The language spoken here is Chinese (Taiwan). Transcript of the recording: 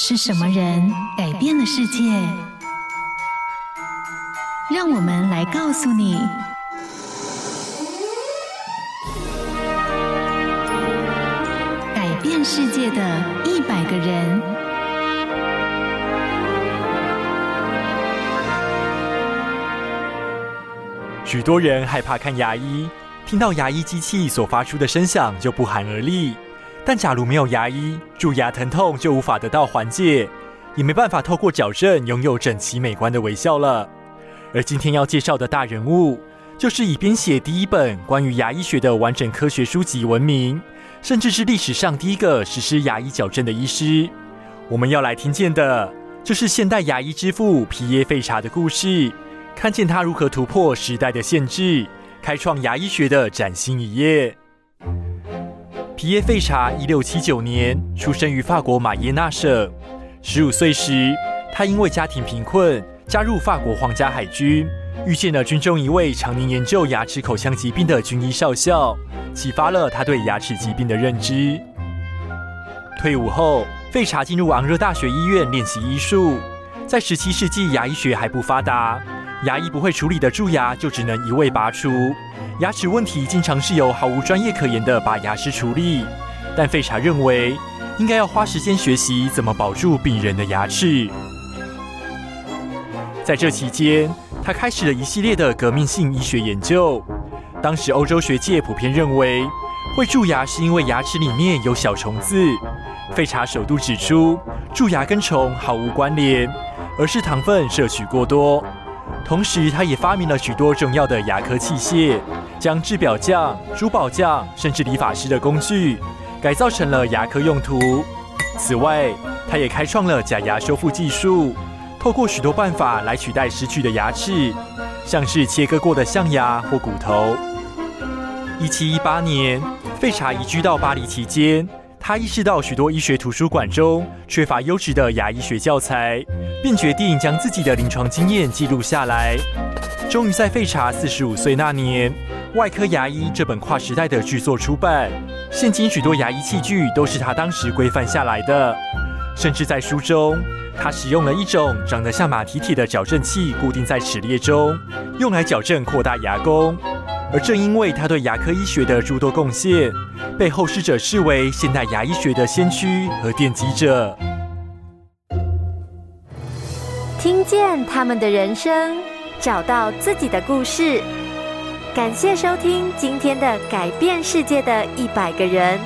是什麼人改變了世界？讓我們來告訴你：改變世界的一百個人。許多人害怕看牙醫，聽到牙醫機器所發出的聲響就不寒而慄。但假如沒有牙醫，蛀牙疼痛就無法得到緩解，也沒辦法透過矯正擁有整齊美觀的微笑了。而今天要介紹的大人物，就是以編寫第一本關於牙醫學的完整科學書籍聞名，甚至是歷史上第一個實施牙醫矯正的醫師。我們要來聽見的，就是現代牙醫之父皮耶費查的故事，看見他如何突破時代的限制，開創牙醫學的嶄新一頁。皮耶費查一六七九年出生於法國馬耶納省。十五歲時，他因為家庭貧困，加入法國皇家海軍，遇見了軍中一位常年研究牙齒口腔疾病的軍醫少校，啟發了他對牙齒疾病的認知。退伍後，費查進入昂熱大學醫院練習醫術。在十七世紀，牙醫學還不發達。牙醫不會處理的蛀牙，就只能一味拔除。牙齒問題經常是由毫無專業可言的拔牙師處理，但費查認為，應該要花時間學習怎麼保住病人的牙齒。在這期間，他開始了一系列的革命性醫學研究。當時歐洲學界普遍認為，會蛀牙是因為牙齒裡面有小蟲子。費查首度指出，蛀牙跟蟲毫無關聯，而是糖分攝取過多。同時，他也發明了許多重要的牙科器械，將製錶匠、珠寶匠甚至理髮師的工具改造成了牙科用途。此外，他也開創了假牙修復技術，透過許多辦法來取代失去的牙齒，像是切割過的象牙或骨頭。一七一八年，費查移居到巴黎期間。他意識到許多醫學圖書館中缺乏優質的牙醫學教材，並決定將自己的臨床經驗記錄下來。終於在費查四十五歲那年，《外科牙醫》這本跨時代的巨作出版。現今許多牙醫器具都是他當時規範下來的，甚至在書中，他使用了一種長得像馬蹄鐵的矯正器，固定在齒列中，用來矯正擴大牙弓。而正因為他對牙科醫學的諸多貢獻，被後世者視為現代牙醫學的先驅和奠基者。聽見他們的人生，找到自己的故事。感謝收聽今天的《改變世界的一百個人》。